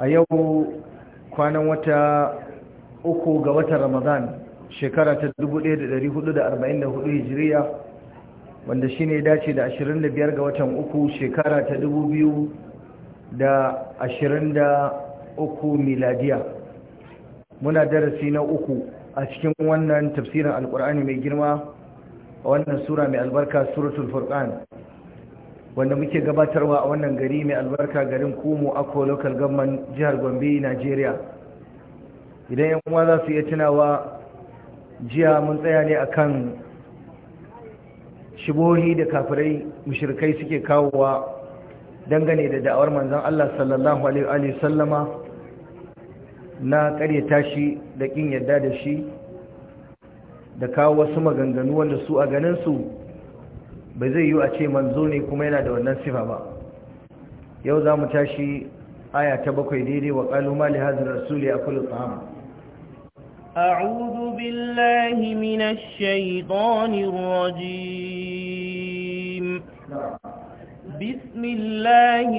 a yau kwanan wata uku ga watan ramadan shekara ta 1444 hijiriya wanda shi ne dace da 25 ga watan uku shekara ta 2023 miladiya muna darasi na uku a cikin wannan tafsirin alkur'ani mai girma a wannan sura mai albarka suratul furqan wanda muke gabatarwa a wannan gari mai albarka garin kumo akko local government jihar gombe nigeria idan yan uwa za su iya tunawa jiya mun tsaya ne akan shibohi da kafirai mushirkai suke kawowa dangane da da'awar manzon Allah sallallahu alaihi sallama na karyata tashi da kin yadda da shi da kawo wasu maganganu wanda su a ganin su bai zai yi a ce manzo ne kuma yana da wannan sifa ba yau za mu tashi aya ta bakwai daidai wa kaluma li hazin rasuli a kullu ta'am أعوذ بالله من الشيطان الرجيم بسم الله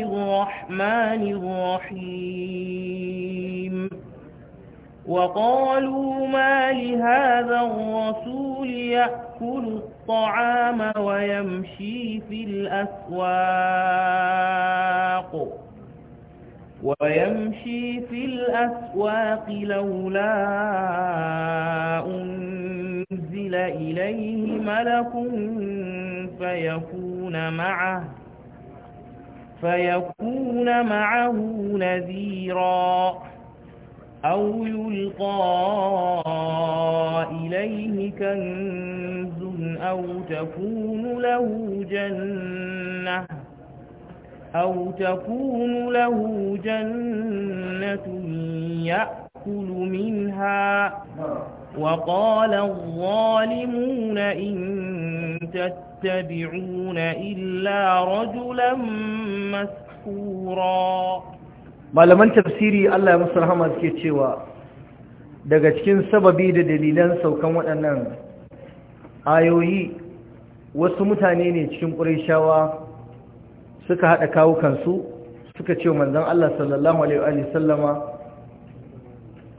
وقالوا ما لهذا الرسول يأكل الطعام ويمشي في الأسواق ويمشي في الأسواق لولا أنزل إليه ملك فيكون معه فيكون معه نذيراً أو يلقى إليه كنز أو تكون له جنة أو تكون له جنة يأكل منها وقال الظالمون إن تتبعون إلا رجلا مسكورا malaman tafsiri Allah ya musu rahama suke cewa daga cikin sababi da dalilan saukan waɗannan ayoyi wasu mutane ne cikin ƙurishawa suka haɗa kawukansu, suka ce manzon Allah sallallahu alaihi sallama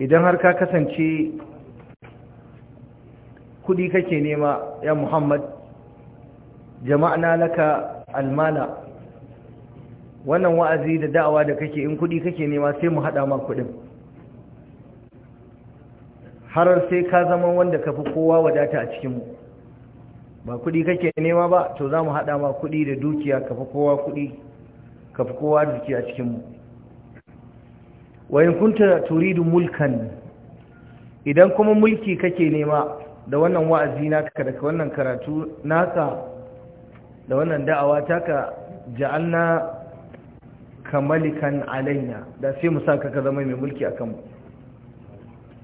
idan har ka kasance kudi kake nema ya Muhammad na laka almala wannan wa'azi da da'awa da kake in kuɗi kake nema sai mu haɗa ma kuɗin har sai ka zama wanda ka fi kowa wadata a cikinmu ba kuɗi kake nema ba to za mu haɗa ma kuɗi da dukiya ka fi kowa kuɗi ka fi kowa dukiya a cikinmu wayan kunta turidu mulkan idan kuma mulki kake nema da wannan wa'azi naka da wannan karatu naka da wannan da'awa taka ja'alna kamalikan alayna da sai mu saka ka zama mai mulki akan mu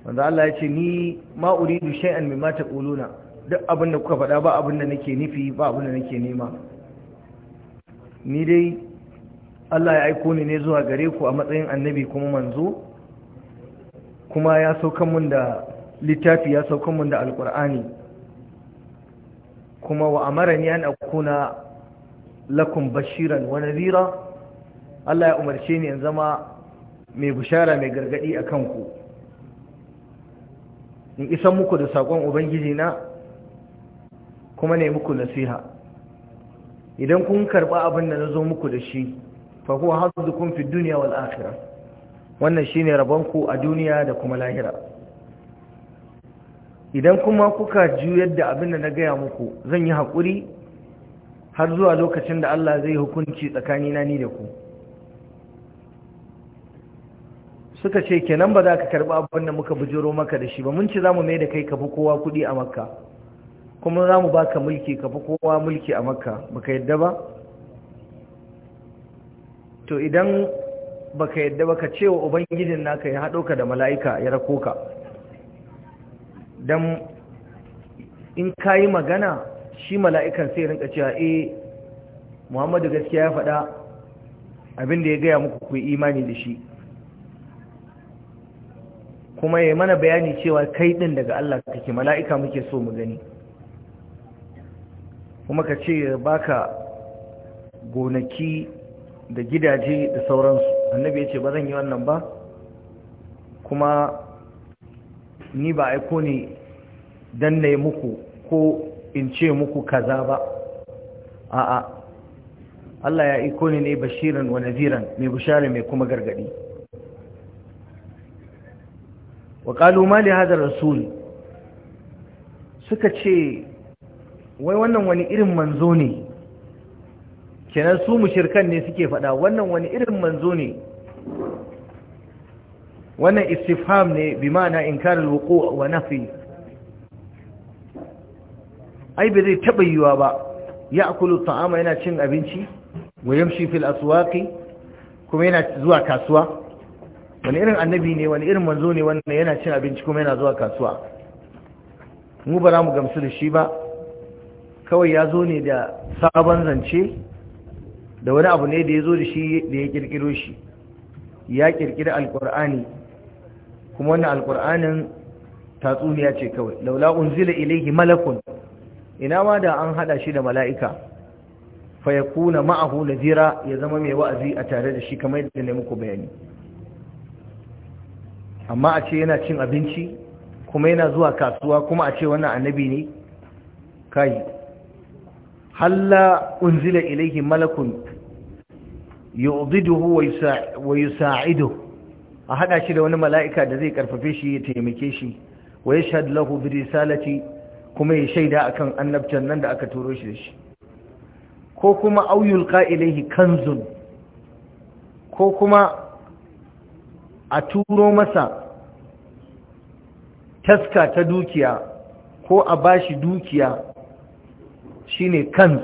wanda Allah ya ce ni ma uridu shay'an mimma taquluna duk abin da kuka faɗa ba abin da nake nufi ba abin da nake nema ni dai Allah ya aiko ni ne zuwa gare ku a matsayin annabi kuma manzo kuma ya saukan mun da littafi ya saukan mun da alkur'ani kuma wa ni an akuna lakum bashiran wa nadhira Allah ya umarce ni in zama mai bushara mai gargadi a kanku in isan muku da saƙon ubangiji na kuma ne muku nasiha idan kun karɓa abin da na zo muku da shi hasu da kun fi duniya wal akhirah wannan shi ne rabonku a duniya da kuma lahira idan kuma kuka juyar da abin da na gaya muku zan yi haƙuri har zuwa lokacin da Allah zai hukunci tsakanina ni da ku suka ce kenan ba za ka karɓi abin da muka bujiro maka da shi ba mun ce za mu mai da kai ka fi kowa kuɗi a makka kuma za mu baka mulki ka fi kowa mulki a makka ba ka yadda ba to idan baka yadda ba ka ce wa ubangijin naka ya haɗo ka da mala'ika ya rako ka don in ka yi magana shi mala'ikan sai rinka cewa eh muhammadu gaskiya ya faɗa abin da ya gaya muku ku imani da shi kuma ya mana bayani cewa kai ɗin daga Allah kake mala'ika muke so mu gani kuma ka ce baka gonaki da gidaje da sauransu annabi ya ce ba zan yi wannan ba kuma ni ba aiko ne don na muku ko in ce muku kaza ba a'a Allah ya iko ne ne bashirin wa naziran mai bishara mai kuma gargadi wa qalu ma li hadha rasul suka ce wai wannan wani irin manzo ne kenan su mushirkan ne suke faɗa wannan wani irin manzo ne wannan istifham ne bi ma'ana inkarul wuqu' wa nafi ai bai zai taba yiwa ba ya'kulu ta'ama yana cin abinci wa yamshi fil aswaqi kuma yana zuwa kasuwa wani irin annabi ne wani irin manzo ne wannan yana cin abinci kuma yana zuwa kasuwa mu ba za mu gamsu da shi ba kawai ya zo ne da sabon zance da wani abu ne da ya zo da shi da ya kirkiro shi ya kirkiri alkur'ani kuma wannan alkur'anin tatsuniya ce kawai laula unzila ilayhi malakun ina ma da an hada shi da mala'ika fa yakuna ma'ahu nadira ya zama mai wa'azi a tare da shi kamar yadda ne muku bayani amma a ce yana cin abinci kuma yana zuwa kasuwa kuma a ce wannan annabi ne kai halla unzila ilaihi malakun yu'diduhu wa yusa'idu a hada shi da wani mala'ika da zai karfafe shi ya taimake shi wa yashhad lahu bi risalati kuma ya shaida akan annabtan nan da aka turo shi da shi ko kuma auyul ilaihi kanzun ko kuma a turo masa taska ta dukiya ko a bashi dukiya shine kanz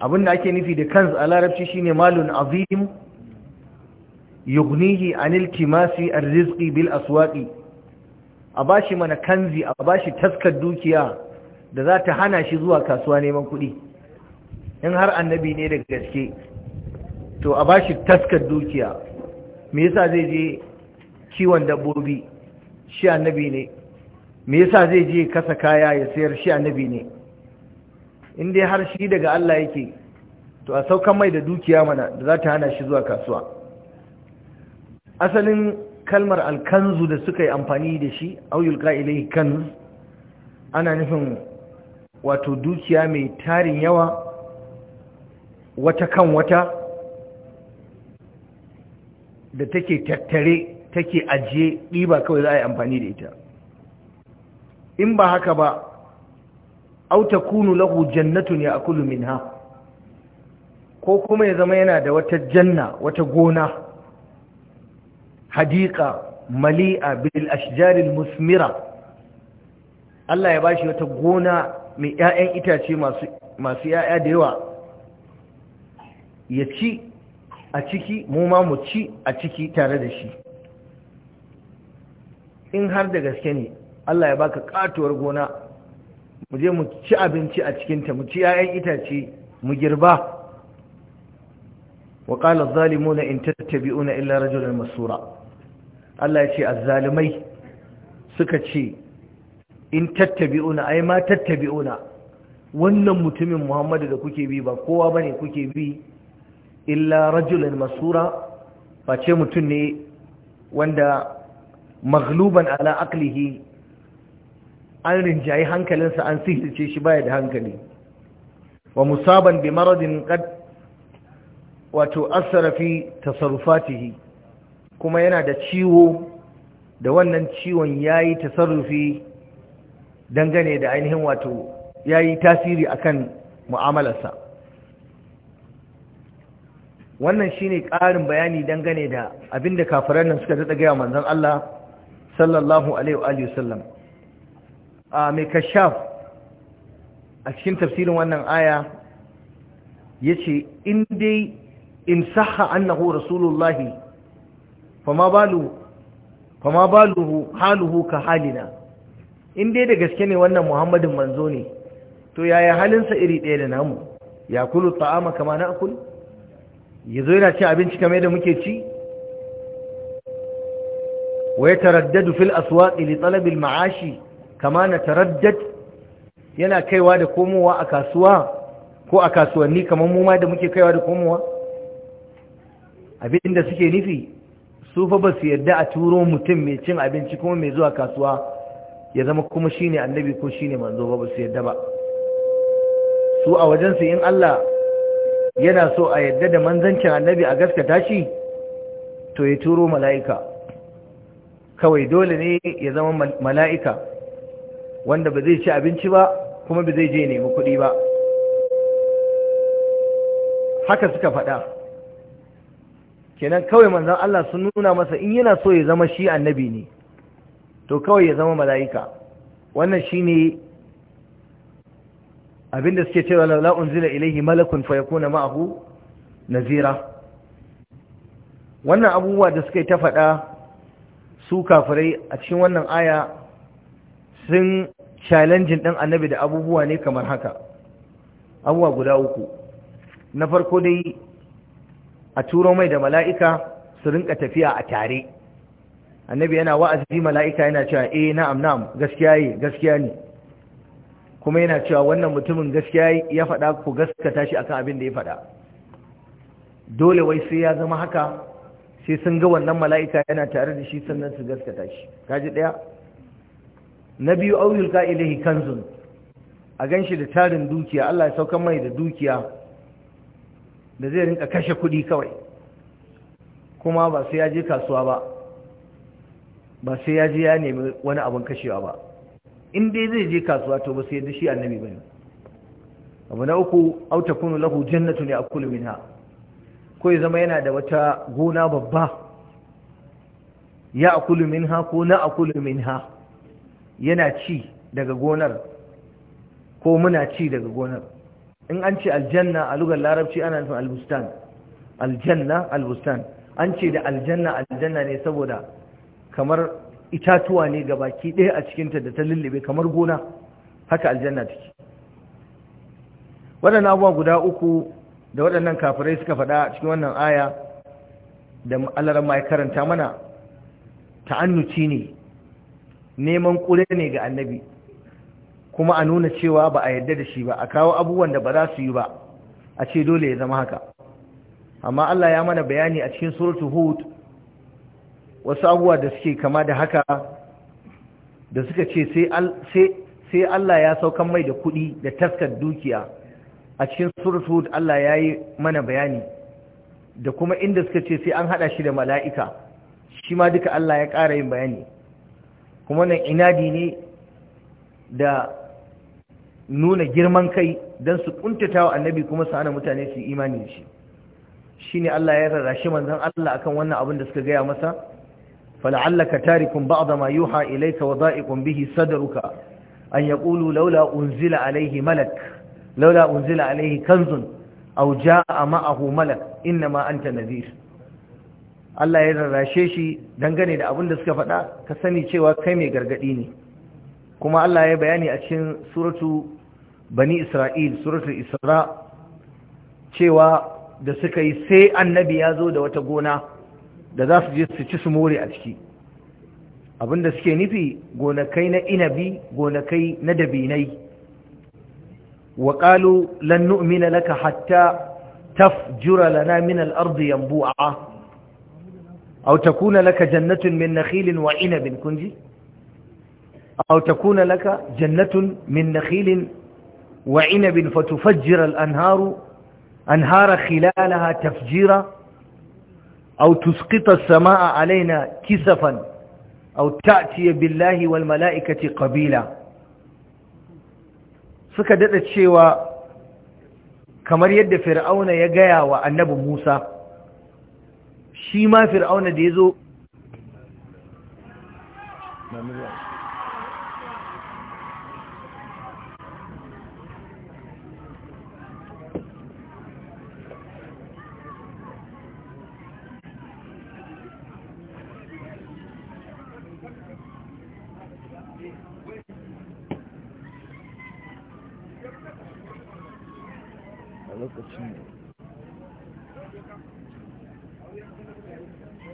abinda ake nufi da kans a larabci shine malun azim yugnihi anil kimasi arziki bil aswaqi a bashi mana kanzi a bashi taskar dukiya da za ta hana shi zuwa kasuwa neman kuɗi in har annabi ne daga gaske to a bashi taskar dukiya me yasa zai je kiwon dabbobi shi annabi ne me yasa zai je kasa kaya ya sayar shi annabi ne in dai har shi daga Allah yake to a saukan mai da dukiya mana da za ta hana shi zuwa kasuwa asalin kalmar alkanzu da suka yi amfani da shi auyul ka'ilai kan ana nufin wato dukiya mai tarin yawa wata kan wata da take tattare take ajiye ɗiba kawai za a yi amfani da ita in ba haka ba auta kunu lahu jannatun ya akulu minha ko kuma ya zama yana da wata janna wata gona hadika mali'a bil ashjaril musmira Allah ya bashi wata gona mai 'ya'yan itace masu masu 'ya'ya da yawa ya ci a ciki mu ma mu ci a ciki tare da shi in har da gaske ne Allah ya baka katuwar gona mu je mu ci abinci a cikinta mu ci 'ya'yan itace mu girba wa qala adh-dhalimuna in tattabi'una illa rajulan masura Allah ya ce azzalimai suka ce in tattabi'una ai ma tattabi'una wannan mutumin Muhammadu da kuke bi ba kowa bane kuke bi illa rajulin masura face mutum ne wanda magluban ala aklihi an rinjayi hankalinsa an sihirce shi baya da hankali wa musaban bi maradin kad wato asara fi tasarrufatihi kuma yana da ciwo da wannan ciwon yayi tasarrufi dangane da ainihin wato yayi tasiri akan mu'amalarsa wannan shine ƙarin bayani dangane da abinda kafiran nan suka daɗa gaya manzon Allah sallallahu alaihi wa sallam a mai kashaf a cikin tafsirin wannan aya yace in dai in sahha annahu rasulullahi fama balu fama baluhu haluhu ka halina in dai da gaske ne wannan muhammadin manzo ne to yaya halinsa iri ɗaya da namu ya kulu ta'ama kama na ya zo yana ci abinci kamar yadda muke ci wa taraddadu fil aswaqi li talabil ma'ashi kama na taraddad yana kaiwa da komowa a kasuwa ko a kasuwanni kamar mu da muke kaiwa da komowa Abin da suke nufi su fa ba su yadda a turo mutum mai cin abinci kuma mai zuwa kasuwa ya zama kuma shine annabi ko shine manzo ba su yadda ba su a wajensu in Allah yana so a yadda da manzancin annabi a gaskata shi to ya turo mala'ika kawai dole ne ya zama mala'ika wanda ba zai ci abinci ba kuma ba zai je nemi kuɗi ba haka suka faɗa kenan kawai manzan Allah sun nuna masa in yana so ya zama shi annabi ne to kawai ya zama mala'ika wannan shi ne abinda suke cewa laula unzila ilaihi malakun fa yakuna ma'ahu nazira wannan abubuwa da suka yi ta faɗa su kafirai a cikin wannan aya sun challenging ɗin annabi da abubuwa ne kamar haka abubuwa guda uku na farko dai a turo mai da mala'ika su rinka tafiya a tare annabi yana wa'azi mala'ika yana cewa eh na'am na'am gaskiya ne gaskiya ne kuma yana cewa wannan mutumin gaskiya ya faɗa ku gaskata shi akan abin da ya faɗa dole wai sai ya zama haka sai sun ga wannan mala'ika yana tare da shi sannan su gaskata shi kaji ɗaya na biyu auyul ka ilahi kanzun a gan shi da tarin dukiya Allah ya saukan mai da dukiya da zai rinka kashe kuɗi kawai kuma ba sai ya je kasuwa ba ba sai ya je ya nemi wani abin kashewa ba in dai zai je kasuwa to ba sai da shi annabi ne. abu na uku au kunu lahu a ya'kulu minha ko ya zama yana da wata gona babba ya ya'kulu minha ko na akulu minha yana ci daga gonar ko muna ci daga gonar in an ce aljanna a lugar larabci ana nufin albustan aljanna albustan an ce da aljanna aljanna ne saboda kamar itatuwa ne ga baki ɗaya a cikinta da ta lullube kamar gona haka aljanna take waɗannan abuwa guda uku da waɗannan kafirai suka faɗa cikin wannan aya da alaran mai karanta mana ta'annuci ne neman ƙure ne ga annabi kuma a nuna cewa ba a yadda da shi ba a kawo abubuwan da ba za su yi ba a ce dole ya zama haka amma Allah ya mana bayani a cikin suratul hud wasu abubuwa da suke kama da haka da suka ce sai Allah ya saukan mai da kuɗi da taskar dukiya a cikin surutu Allah ya yi mana bayani da kuma inda suka ce sai an haɗa shi da mala'ika shi ma duka Allah ya ƙara yin bayani kuma nan inadi ne da nuna girman kai don su ƙuntata wa annabi kuma su hana mutane su imani da shi shi ne Allah ya rarrashi manzan Allah akan wannan abin da suka gaya masa فلعلك تارك بعض ما يوحى إليك وضائق به صدرك أن يقولوا لولا أنزل عليه ملك لولا أنزل عليه كنز أو جاء معه ملك إنما أنت نذير Allah ya rarrashe shi dangane da abin da suka faɗa ka sani cewa kai mai gargaɗi ne kuma Allah ya bayani a cikin suratu bani Isra'il suratu Isra cewa da suka yi sai annabi ya zo da wata gona da za su je su ci su more a ciki abinda suke nufi gonakai na inabi gonakai na dabinai wa qalu lan nu'mina laka hatta tafjura lana min al-ardi yanbu'a aw takuna laka jannatun min nakhilin wa inabin kunji aw takuna laka jannatun min nakhilin wa inabin fatufajjira al-anharu anhara khilalaha tafjira أو تسقط السماء علينا كسفا أو تأتي بالله والملائكة قبيلا suka daɗa cewa kamar yadda fir'auna ya gaya wa annabi musa shi ma fir'auna da ya zo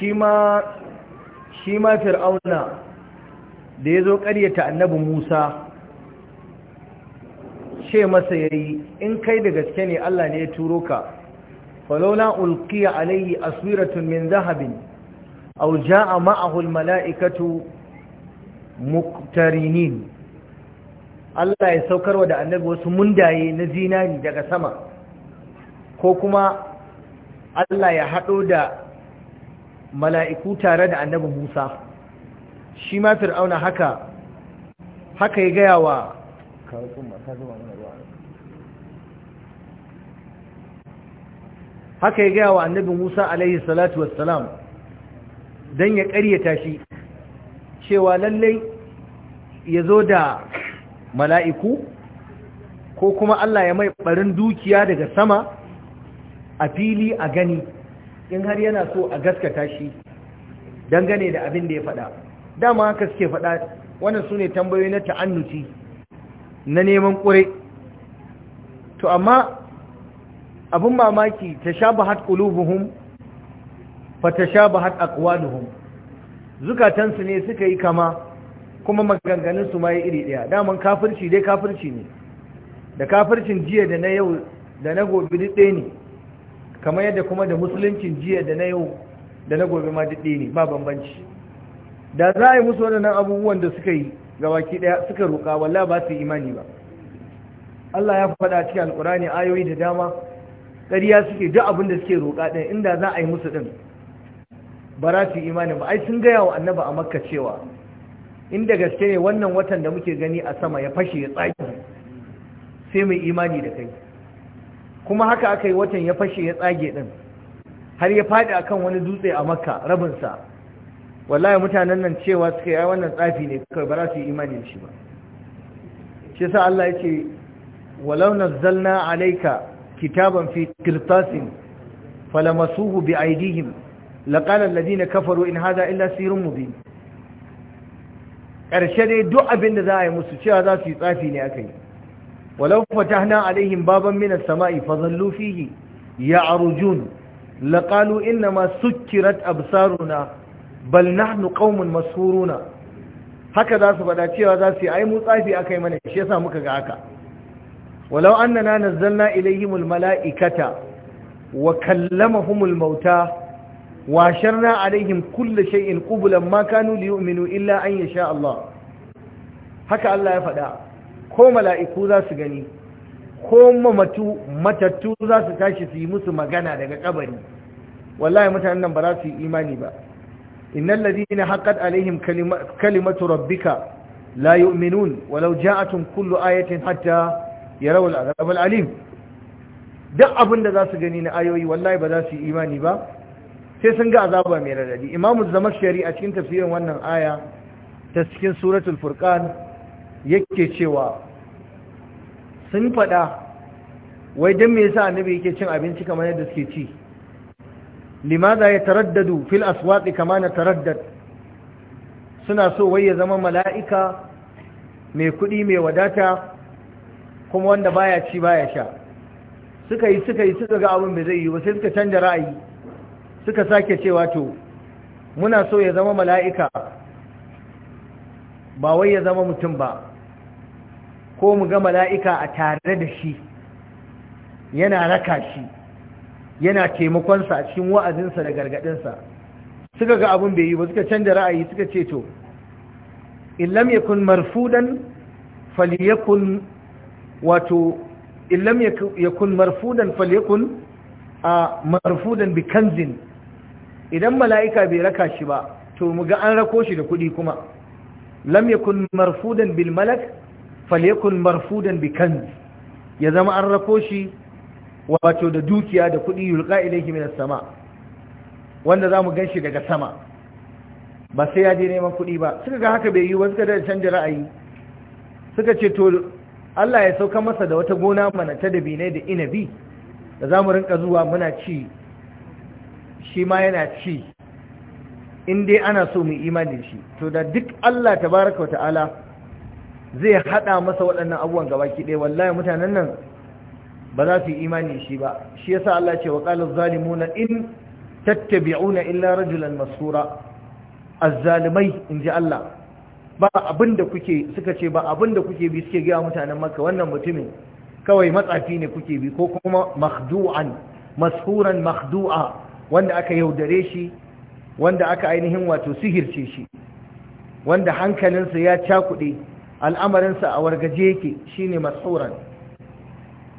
shi ma fir'auna da ya zo ƙaryata annabi musa ce masa ya yi in kai da gaske ne allah ne ya turo ka falola ulkiya alayhi aswiratun min zahabin au a ma'ahul mala'ikatu muktarinin allah ya saukarwa da annabi wasu mundaye na zinari daga sama ko kuma allah ya haɗo da mala'iku tare da annabi Musa shi ma fir'auna haka haka ya gaya wa haka ya gaya wa annabi Musa alaihi salatu wassalam don ya ƙaryata shi cewa lallai ya zo da mala'iku ko kuma Allah ya mai ɓarin dukiya daga sama a fili a gani in har yana so a gaskata shi dangane da abin da ya faɗa dama haka suke faɗa wannan su ne tambayoyi na ta'annuci na neman ƙure to amma abin mamaki ta sha ba hat ƙulubuhun fa ta sha ba hat aƙwaluhun zukatansu ne suka yi kama kuma maganganunsu ma yi iri ɗaya daman kafirci dai kafirci ne da kafircin jiya da na yau da na gobe ɗaya ne kamar yadda kuma da musuluncin jiya da na yau da na gobe ma daɗe ne ba bambanci da za a yi musu waɗannan abubuwan da suka yi ga baki ɗaya suka roƙa wallah ba su imani ba Allah ya faɗa cikin alƙurani ayoyi da dama ƙarya suke duk abin da suke roƙa ɗin inda za a yi musu ɗin ba za su imani ba ai sun gaya wa annaba a makka cewa inda gaske ne wannan watan da muke gani a sama ya fashe ya tsaki sai mai imani da kai kuma haka aka yi watan ya fashe ya tsage din har ya faɗi akan wani dutse a makka rabinsa wallahi mutanen nan cewa suka yi wannan tsafi ne kawai ba za su yi imani shi ba shi sa Allah ya ce walau nazzalna alayka kitaban fi qirtasin falamasuhu bi aydihim laqala alladhina kafaru in hadha illa sirrun mubin ƙarshe dai duk abin da za a yi musu cewa za su yi tsafi ne aka yi walau na alaihim baban min as-sama'i fadhallu fihi ya'rujun laqalu inna ma sukkirat absaruna bal nahnu qaumun mashuruna haka za su faɗa cewa za su yi ai mu tsafi mana shi yasa muka ga haka walau annana nazzalna ilaihimul mala'ikata wa kallamahumul mauta واشرنا عليهم كل شيء قبلا ما illa an إلا أن يشاء الله هكا الله يفعل ko mala'iku za su gani ko mamatu matattu za su tashi su yi musu magana daga kabari wallahi mutanen nan ba za su yi imani ba innal ladina haqqat alaihim kalimatu rabbika la yu'minun walau ja'atun kullu ayatin hatta yarawu al'azab al'alim duk abin da za su gani na ayoyi wallahi ba za su yi imani ba sai sun ga azaba mai radadi imamu zamashari a cikin tafsirin wannan aya ta cikin suratul furqan yake cewa sun faɗa wai don me yasa annabi yake cin abinci kamar yadda suke ci limaza ya taraddadu fil aswaqi kama na taraddad suna so wai ya zama mala'ika mai kuɗi mai wadata kuma wanda baya ci baya sha suka yi suka yi suka ga abin bai zai yi ba sai suka canja ra'ayi suka sake cewa to muna so ya zama mala'ika ba wai ya zama mutum ba ko mu ga mala'ika a tare da shi yana raka shi yana taimakonsa a cikin wa'azinsa da gargaɗinsa suka ga abin bai yi ba suka canza ra'ayi suka ce to illam kun marfudan faliyakun wato illam yakun marfudan faliyakun a marfudan bi kanzin idan mala'ika bai raka shi ba to mu ga an rako shi da kuɗi kuma lam yakun marfudan bil malak Falekun marfudan bi ya zama an rako shi wato da dukiya da kuɗi yulqa ilayhi min sama wanda za zamu ganshi daga sama ba sai ya je neman kuɗi ba suka ga haka bai yi ba suka da canja ra'ayi suka ce to Allah ya sauka masa da wata gona mana ta dabine da inabi da za mu rinka zuwa muna ci shi ma yana ci in dai ana so mu imani shi to da duk Allah tabaraka wa ta'ala zai haɗa masa waɗannan abubuwan gabaki ɗaya wallahi mutanen nan ba za su yi imani shi ba shi yasa Allah ce wa qala zalimuna in tattabi'una illa rajulan masura azzalimai inji Allah ba abinda kuke suka ce ba abinda kuke bi suke ga mutanen Makka wannan mutumin kawai matsafi ne kuke bi ko kuma makhdu'an mashuran makhdu'a wanda aka yaudare shi wanda aka ainihin wato sihirce shi wanda hankalinsa ya cakuɗe al'amarinsa a wargaje yake shine mashuran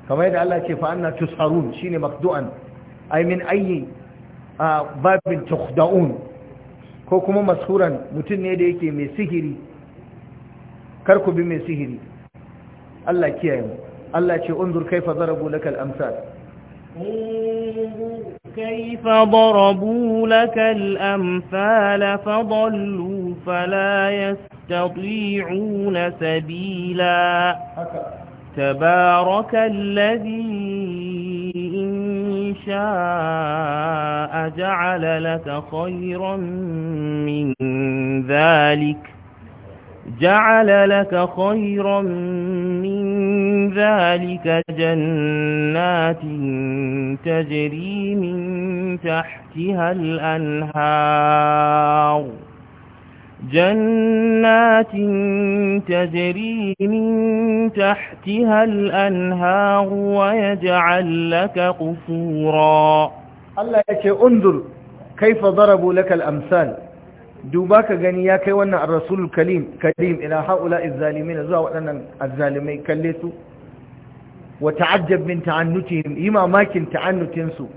kamar yadda Allah ce fa anna tusharun shine maqdu'an ay min ayyi babin tukhda'un ko kuma mashuran mutum ne da yake mai sihiri kar ku bi mai sihiri Allah kiyaye mu Allah ce unzur kaifa darabu lakal amsal كيف ضربوا لك الأمثال فضلوا فلا يس يستطيعون سبيلا تبارك الذي إن شاء جعل لك خيرا من ذلك جعل لك خيرا من ذلك جنات تجري من تحتها الأنهار جنات تجري من تحتها الأنهار ويجعل لك قصورا الله يكي انظر كيف ضربوا لك الأمثال دوباك غنياك وانا الرسول الكريم كريم إلى هؤلاء الظالمين زوا وانا الظالمين كليتوا وتعجب من تعنتهم يما ماكن تعنتنسوا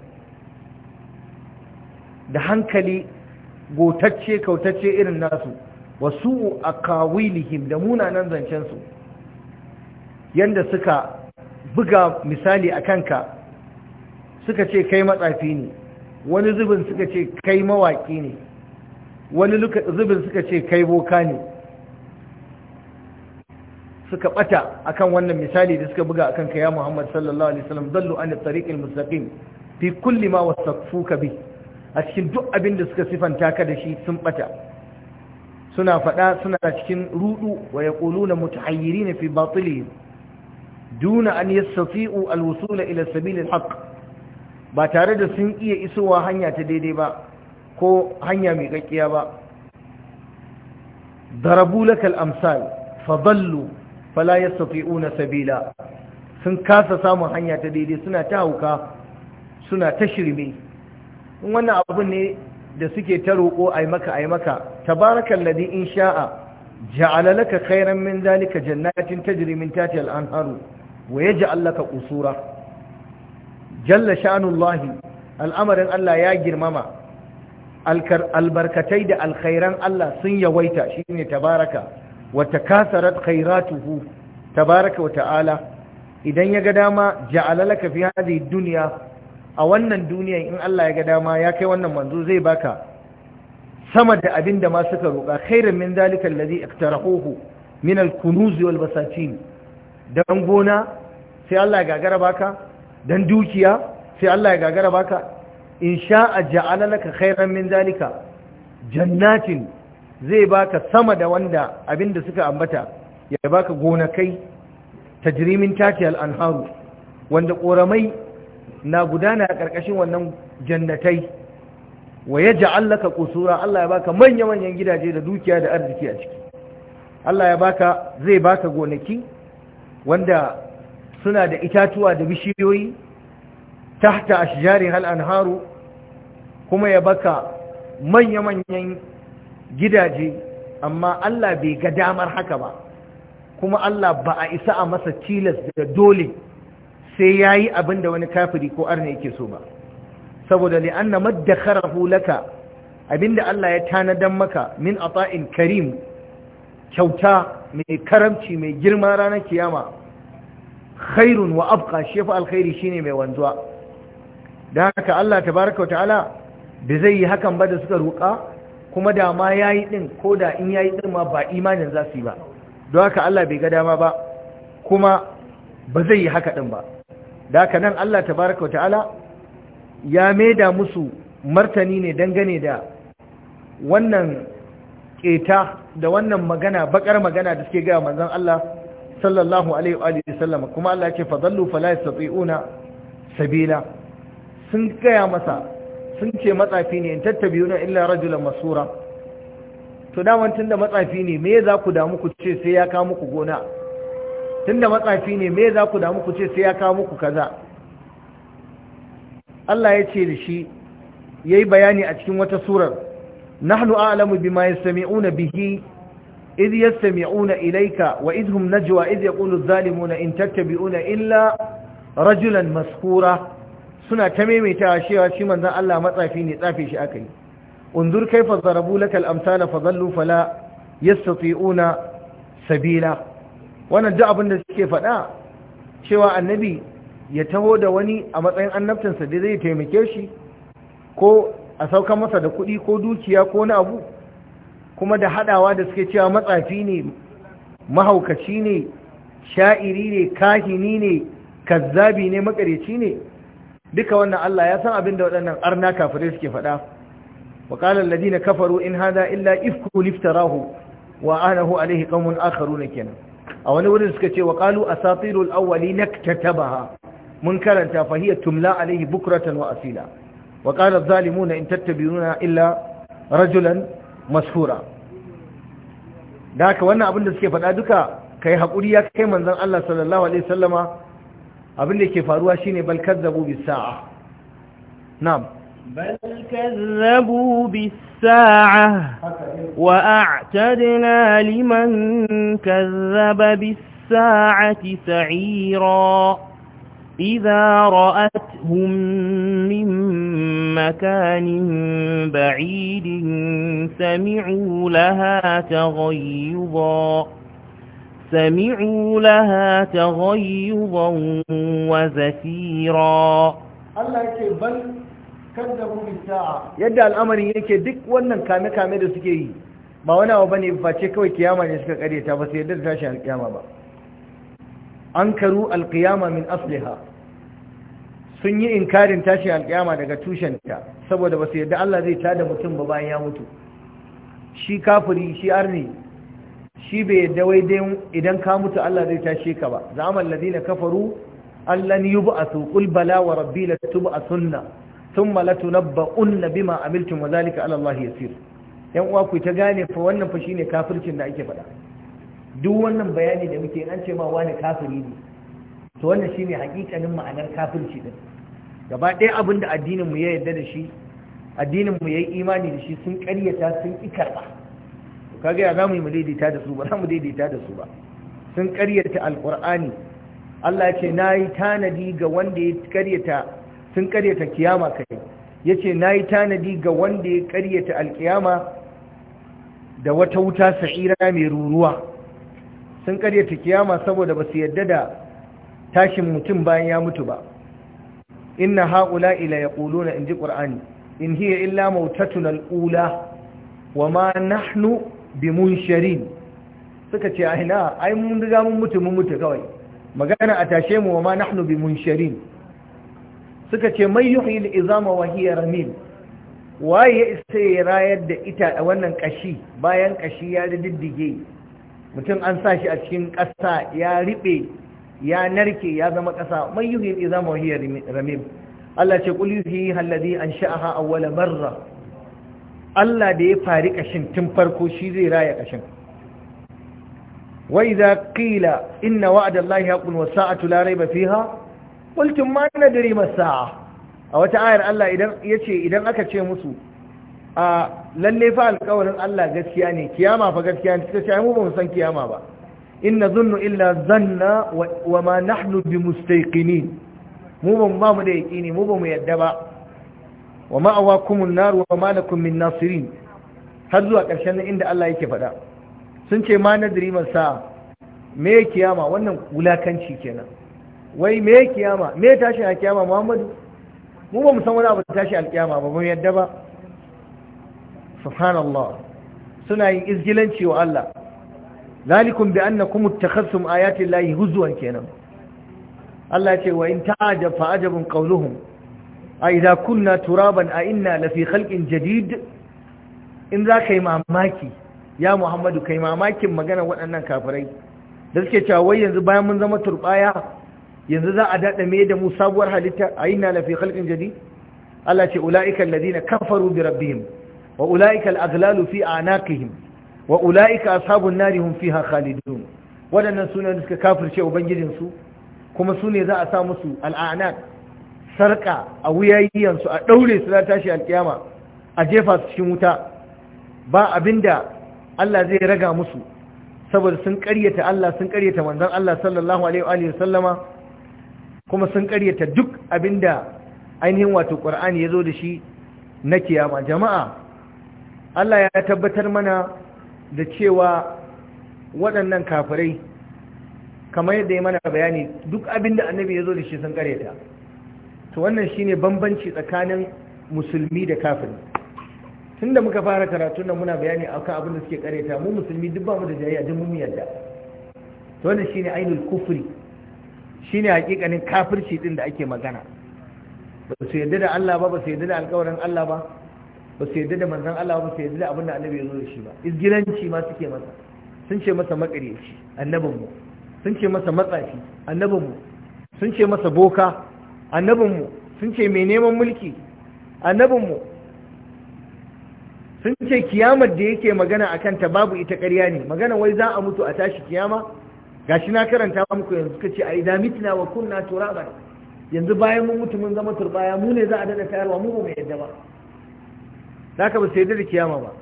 da hankali gotacce kautacce irin nasu wasu a kawilihim da munanan zancensu yadda suka buga misali a kanka suka ce kai matsafi ne wani zubin suka ce kai mawaki ne wani zubin suka ce kai boka ne suka bata akan wannan misali da suka buga akan ka ya Muhammad sallallahu alaihi wasallam dallu an tariqil mustaqim fi kulli ma wasaffuka bi. a cikin duk abin da suka sifanta ka da shi sun bata suna faɗa suna cikin rudu wa yaquluna na fi batilihim duna an safi'u alwusula ila sabil alhaq ba tare da sun iya isowa hanya ta daidai ba ko hanya mai kakkiya ba darabu lakal amsal fadallu fala na sabila sun kasa samun hanya ta daidai suna ta hauka suna ta shirme in wannan abin ne da suke ta roƙo ai maka ai maka in sha'a a laka khairan min dhalika jannatin tajri min tahtiha al-anharu wa yaj'al laka qusura jalla sha'anullahi al'amarin Allah ya girmama albarkatai da alkhairan Allah sun yawaita shine tabaraka wa takasarat khairatuhu tabaraka wa ta'ala idan ya ga dama ja'ala laka fi hadhihi dunya a wannan duniyar in Allah ya ga dama ya kai wannan manzo zai baka sama da abin da ma suka roƙa khairan min zalika allazi iqtarahuhu min al-kunuz wal basatin dan gona sai Allah ya gagara baka dan dukiya sai Allah ya gagara baka in sha'a ja'ala laka khairan min zalika jannatin zai baka sama da wanda abin da suka ambata ya baka gonakai tajrimin taqiyal al-anharu wanda ƙoramai na gudana a ƙarƙashin wannan jannatai wa ya ja'allaka qusura Allah ya baka manya-manyan gidaje da dukiya da arziki a ciki Allah ya baka zai baka gonaki wanda suna da itatuwa da bishiyoyi tahta ashjari hal anharu kuma ya baka manya-manyan gidaje amma Allah bai ga damar haka ba kuma Allah ba a isa a masa tilas da dole sai ya yi abin da wani kafiri ko arna yake so ba saboda ne an li'anna maddakharahu abin abinda Allah ya tanadan maka min a ta'in karim kyauta mai karamci mai girma ranar kiyama khairun wa afka shefa alkhairi shine mai wanzuwa da haka Allah Ta wa ta'ala da zai yi hakan ba da suka roƙa kuma da ma ya yi ɗin ko da in yayi ɗin ma ba imanin za su yi ba don haka Allah bai ga dama ba kuma ba zai yi haka ɗin ba da haka nan Allah tabaraka ta'ala ya maida musu martani ne dangane da wannan keta da wannan magana bakar magana da suke gaya manzon Allah sallallahu alaihi wa sallam kuma Allah ya ce fadallu fala yastati'una sabila sun gaya masa sun ce matsafi ne in tattabiyuna illa rajulan masura to daman da matsafi ne me za ku damu ku ce sai ya kawo muku gona tunda matsafi ne me za ku damu ku ce sai ya kawo muku kaza Allah ya ce da shi yayi bayani a cikin wata surar nahnu a'lamu bima yastami'una bihi idh yastami'una ilayka wa idhum najwa idh yaqulu adh-dhalimuna in tattabi'una illa rajulan maskura suna ta maimaita cewa shi manzon Allah matsafi ne tsafe shi akai unzur kayfa zarabu lakal amsala fadallu fala yastati'una sabila wannan duk abin da suke faɗa cewa annabi ya taho da wani a matsayin annabtansa da zai taimake shi ko a sauka masa da kuɗi ko dukiya ko wani abu kuma da haɗawa da suke cewa matsafi ne mahaukaci ne sha'iri ne kahini ne kazzabi ne makareci ne duka wannan Allah ya san abin da waɗannan arna kafirai suke faɗa wa qala alladhina kafaru in hada illa ifkun iftarahu wa anahu alayhi akaru na kenan a wani wurin suka ce wa qalu asatirul na naktatabaha mun karanta fa tumla alaihi bukuratan wa asila wa qala adh na in nuna illa rajulan mashura da haka wannan abin da suke faɗa duka kai hakuri ya kai manzon Allah sallallahu alaihi sallama abin da ke faruwa shine bal kazzabu bis sa'a na'am بل كذبوا بالساعة وأعتدنا لمن كذب بالساعة سعيرا إذا رأتهم من مكان بعيد سمعوا لها تغيظا سمعوا لها تغيظا وزفيرا الله يكبر yadda al'amarin yake duk wannan kame-kame da suke yi ba wani abu bane face kawai kiyama ne suka kareta ba sai yadda tashi alkiyama ba an karu alkiyama min asliha sun yi inkarin tashi alkiyama daga tushenta saboda ba su yadda Allah zai tada mutum ba bayan ya mutu shi kafuri shi arni shi bai yadda wai dai idan ka mutu Allah zai tashe ka ba zaman ladina kafaru allan yub'athu qul bala wa rabbi latub'athunna thumma latunabba'unna bima amiltum wa zalika ala Allah yasir yan uwa ku ta gane fa wannan fa shine kafircin da ake faɗa duk wannan bayani da muke an ce ma wani kafiri ne to wannan shine hakikanin ma'anar kafirci din gaba ɗaya abin da addinin mu ya yarda da shi addinin mu yayi imani da shi sun ƙaryata sun ki karba to kaga ya zamu yi mu daidaita da su ba za mu daidaita da su ba sun ƙaryata alqur'ani Allah ya ce nayi tanadi ga wanda ya ƙaryata sun karyata kiyama kai yace nayi tanadi ga wanda ya karyata alkiyama da wata wuta sa'ira mai ruruwa sun karyata kiyama saboda ba su yadda da tashin mutum bayan ya mutu ba inna haula ila yaquluna inji qur'ani in hiya illa mautatun al'ula wa ma nahnu bimunsharin suka ce a ai mun riga mun mutu mun mutu kawai magana a tashe mu wa ma nahnu bi munsharin suka ce mai yuhi al'izama wa hiya ramil waye ya isa ya rayar da ita a wannan kashi bayan kashi ya diddige mutum an sa shi a cikin ƙasa ya riɓe ya narke ya zama ƙasa mai yuhi al'izama wa hiya ramil Allah ce kul yuhi alladhi ansha'aha awwala marra Allah da ya fari kashin tun farko shi zai raya kashin wa idza qila inna wa'da Allahi haqqun was sa'atu la rayba fiha qultum ma dare masa a wata ayar Allah idan yace idan aka ce musu a lalle fa alƙawarin Allah gaskiya ne kiyama fa gaskiya ne sai mu ba mu san kiyama ba in zunnu illa zanna wa ma nahnu bimustayqinin mu ba mu ba mu da yaqini mu ba mu yadda ba wa ma'awakumun nar wa ma lakum min nasirin har zuwa ƙarshen inda Allah yake faɗa sun ce ma nadri masa me kiyama wannan wulakanci kenan wai me kiyama me a kiyama muhammadu mu ba mu san wani abu tashi alkiyama ba mu yadda ba subhanallah suna yin izgilanci wa Allah zalikum bi annakum ittakhadhtum ayati llahi huzwan kenan Allah ce wa in ta'ajab fa ajabun qawluhum a idza kunna turaban a inna lafi khalqin jadid in za kai mamaki ya Muhammadu kai mamakin magana waɗannan kafirai da suke cewa wai yanzu bayan mun zama turbaya yanzu za a daɗa mai da mu sabuwar halitta a yi na lafi jadi Allah ce ula'ikan ladina kafaru bi rabbihim wa ula'ikal aglalu fi anaqihim wa ula'ika ashabun nari fi fiha khalidun waɗannan su ne suka kafirce ubangijin su kuma su ne za a sa musu al'anan? sarka a wuyayyansu, a ɗaure su na tashi alƙiyama. a jefa su cikin wuta ba abinda Allah zai raga musu saboda sun ƙaryata Allah sun ƙaryata manzon Allah sallallahu alaihi wa sallama kuma sun karyata duk abinda ainihin wato ƙur'ani ya zo da shi na kiyama jama'a Allah ya tabbatar mana da cewa waɗannan kafirai kamar yadda ya mana bayani duk abinda annabi ya zo da shi sun karyata to wannan shine bambanci tsakanin musulmi da kafiri tunda muka fara karatu nan muna bayani akan abin da suke karyata mu musulmi duk ba mu da jayayya duk mun yarda to wannan shine ainihin kufri Shi ne hakikanin kafirci din da ake magana ba su yarda da Allah ba ba su yarda da alƙawarin Allah ba ba su yarda da manzan Allah ba su yarda da abin da annabi ya zo da shi ba izgilanci ma suke masa sun ce masa makareci annabin mu sun ce masa matsafi annabinmu mu sun ce masa boka annabinmu mu sun ce mai neman mulki annabinmu mu sun ce kiyamar da yake magana akan ta babu ita ƙarya ne magana wai za a mutu a tashi kiyama gashi na karanta muku yanzu kace a idan mitina wa kunna turaba yanzu bayan mun mutu mun zama turbaya mu ne za a dada tayarwa mu mai yadda ba zaka ba sai da kiyama ba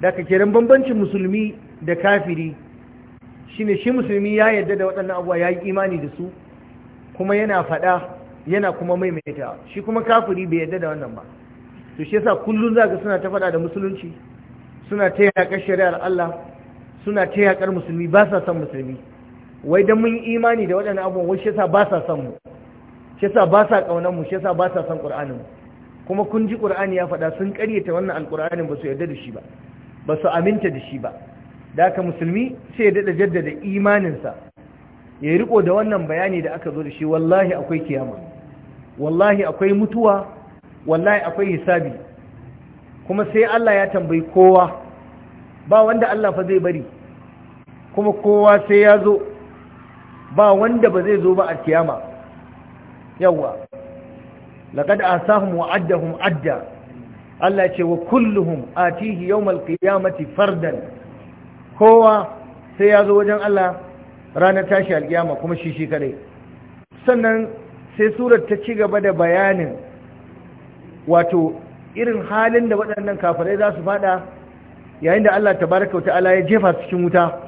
da kiran bambancin musulmi da kafiri shine shi musulmi ya yadda da waɗannan abuwa ya yi imani da su kuma yana faɗa yana kuma maimaita shi kuma kafiri bai yadda da wannan ba to shi yasa kullun zaka suna ta faɗa da musulunci suna ta yaƙar shari'ar Allah suna ta yaƙar musulmi ba sa son musulmi wai don mun yi imani da waɗannan abubuwan wai shesa ba sa son mu shi ba sa ƙaunanmu mu ba sa son ƙur'anin kuma kun ji ƙur'ani ya faɗa sun ƙaryata wannan alƙur'anin ba su yarda da shi ba ba su aminta da shi ba da haka musulmi sai ya daɗa jaddada imaninsa ya yi riko da wannan bayani da aka zo da shi wallahi akwai kiyama wallahi akwai mutuwa wallahi akwai hisabi kuma sai Allah ya tambayi kowa ba wanda Allah fa zai bari kuma kowa sai ya zo ba wanda ba zai zo ba a kiyama yawa laqad asahum wa addahum adda Allah ce wa kulluhum atihi yawmal qiyamati fardan kowa sai ya zo wajen Allah ranar tashi alkiyama kuma shi shi kadai sannan sai surar ta ci gaba da bayanin wato irin halin da waɗannan kafirai za su fada yayin da Allah tabaraka wa ta'ala ya jefa cikin wuta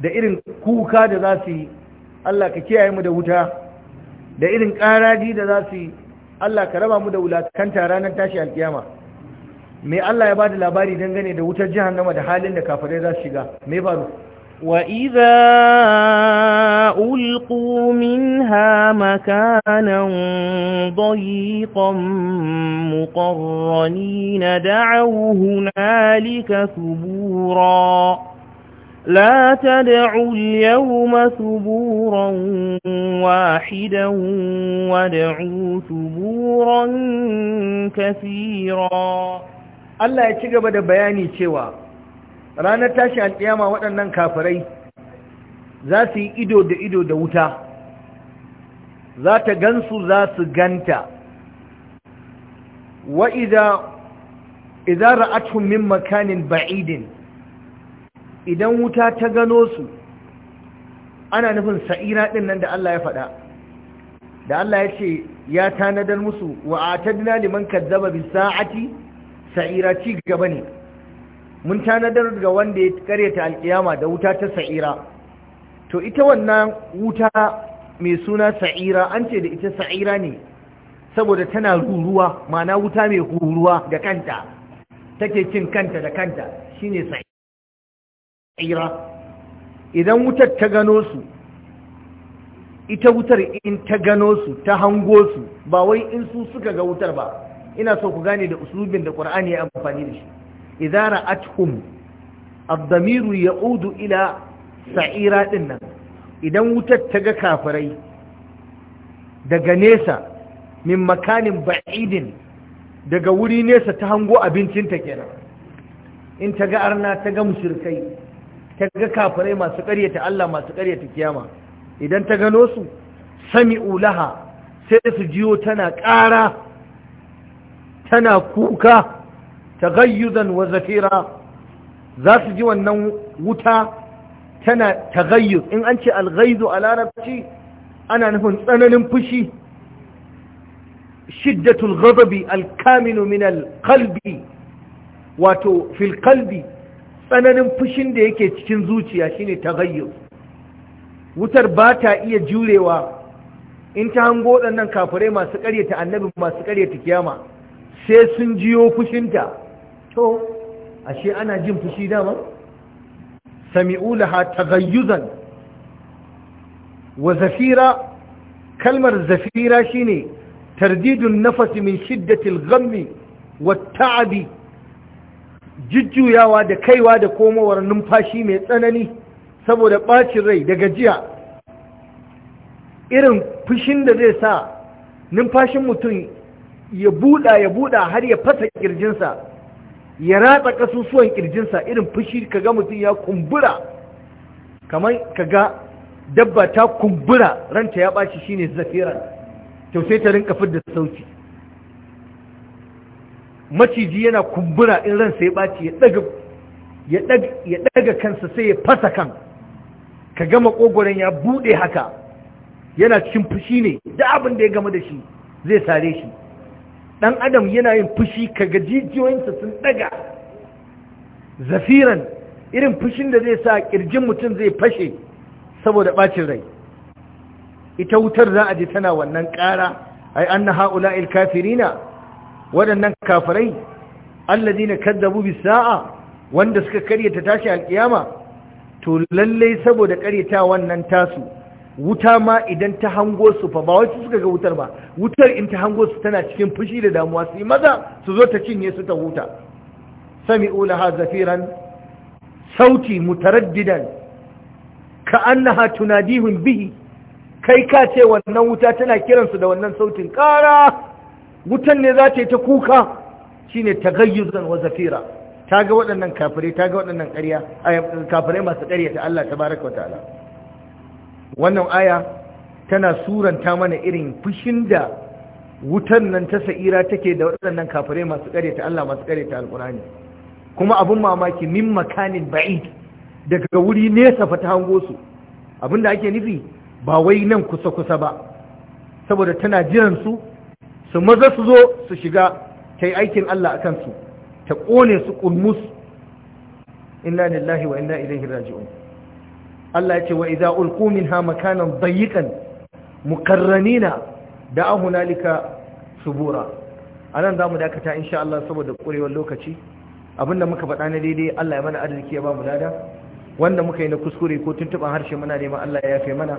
da irin kuka da za su yi Allah ka kiyaye mu da wuta da irin ƙaradi da za su yi Allah ka raba mu da wulakanta ranar tashi alkiyama me Allah ya ba da labari dangane da wutar jahannama da halin da kafirai za su shiga me faru وَإِذَا أُلْقُوا مِنْهَا مَكَانًا ضَيِّقًا مُقَرَّنِينَ دَعَوْا هُنَالِكَ ثُبُورًا لا تدعوا اليوم ثبورا واحدا وادعوا ثبورا كثيرا Allah ya ci gaba da bayani cewa ranar tashi alƙiyama waɗannan kafirai za su yi ido da ido da wuta za ta gansu za su ganta wa idza idza ra'atuhum min makanin ba'idin idan wuta ta gano su ana nufin sa'ira ɗin nan da Allah ya faɗa da Allah ya ce ya tanadar musu wa dina liman kazzaba bi sa'ati sa'ira ci gaba ne mun tanadar ga wanda ya karyata alkiyama da wuta ta sa'ira to ita wannan wuta mai suna sa'ira an ce da ita sa'ira ne saboda tana ruruwa ma'ana wuta mai huruwa da kanta take cin kanta da kanta shine sa'ira tsira idan wutar ta gano su ita wutar in ta gano su ta hango su ba wai in su suka ga wutar ba ina so ku gane da usulubin da qur'ani ya amfani da shi idza ra'atuhum ad-damiru ya'udu ila sa'ira nan. idan wutar ta ga kafirai daga nesa min makanin ba'idin daga wuri nesa ta hango abincin abincinta kenan in ta ga arna ta ga mushrikai ta ga kafirai masu ƙaryata Allah masu ƙaryata kiyama idan ta gano su sami'u laha sai su jiyo tana ƙara tana kuka tagayyuzan wa zafira za su ji wannan wuta tana tagayyuz in an ce alghaizu a larabci ana nufin tsananin fushi shiddatul ghadabi alkaminu min alqalbi wato fil qalbi tsananin fushin da yake cikin zuciya shine taghayyur wutar ba ta iya jurewa in ta hango waɗannan kafirai masu ƙaryata annabi masu ƙaryata kiyama sai sun jiyo fushinta to ashe ana jin fushi dama sami'u laha taghayyuzan wa zafira kalmar zafira shine tardidun nafasi min shiddatil ghammi wat ta'abi jujjuyawa da kaiwa da komowar numfashi mai tsanani saboda ɓacin rai da gajiya irin fushin da zai sa numfashin mutum ya buɗa ya buɗa har ya fasa ƙirjinsa ya ratsa ƙasusuwan ƙirjinsa irin fushi kaga mutum ya kumbura kamar kaga dabba ta kumbura ranta ya ɓaci shine zafiran to sai ta rinka fidda sauti maciji yana kumbura in ransa ya ɓaci ya ɗaga kansa sai ya fasa kan ka gama ƙogoron ya buɗe haka yana cikin fushi ne da abin da ya gama da shi zai sare shi ɗan adam yana yin fushi ka ga jijiyoyinsa sun ɗaga zafiran irin fushin da zai sa ƙirjin mutum zai fashe saboda ɓacin rai ita wutar za a ji tana wannan ƙara ai an na ha'ula'il kafirina waɗannan kafirai alladina bi sa'a, wanda suka ta tashi alkiyama to lallai saboda karyata wannan tasu wuta ma idan ta hango su fa ba wacce suka ga wutar ba wutar in ta hango su tana cikin fushi da damuwa su yi maza su zo ta cinye su ta huta Sami ula ha zafiran sauti mutaraddidan ka annaha tunadihun bihi kai ka ce wannan wuta tana kiransu da wannan sautin ƙara wutan ne za ta yi ta kuka shine tagayyuzan wa zafira ta ga waɗannan kafirai ta ga waɗannan ƙarya kafirai masu ƙarya ta Allah ta baraka wa ta'ala wannan aya tana suranta mana irin fushin da wutan nan ta sa'ira take da waɗannan kafirai masu ƙarya ta Allah masu ƙarya ta alƙur'ani kuma abun mamaki min makanin ba'id daga wuri nesa fa ta hango su abinda ake nufi ba wai nan kusa kusa ba saboda tana jiran su su maza su zo su shiga ta yi aikin Allah a kansu ta ƙone su ƙulmus inna lillahi wa inna ilaihi raji'un Allah ya ce wa idza ulqu minha makanan dayyiqan mukarranina da'a hunalika subura anan zamu dakata insha Allah saboda ƙurewar lokaci abinda muka faɗa na daidai Allah ya mana arziki ya ba mu lada wanda muka yi na kuskure ko tuntuɓar harshe muna neman Allah ya yafe mana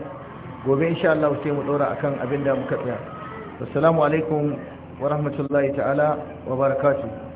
gobe insha Allah sai mu ɗora akan abinda muka tsaya assalamu alaikum wa rahmatullahi ta'ala wa barakatuh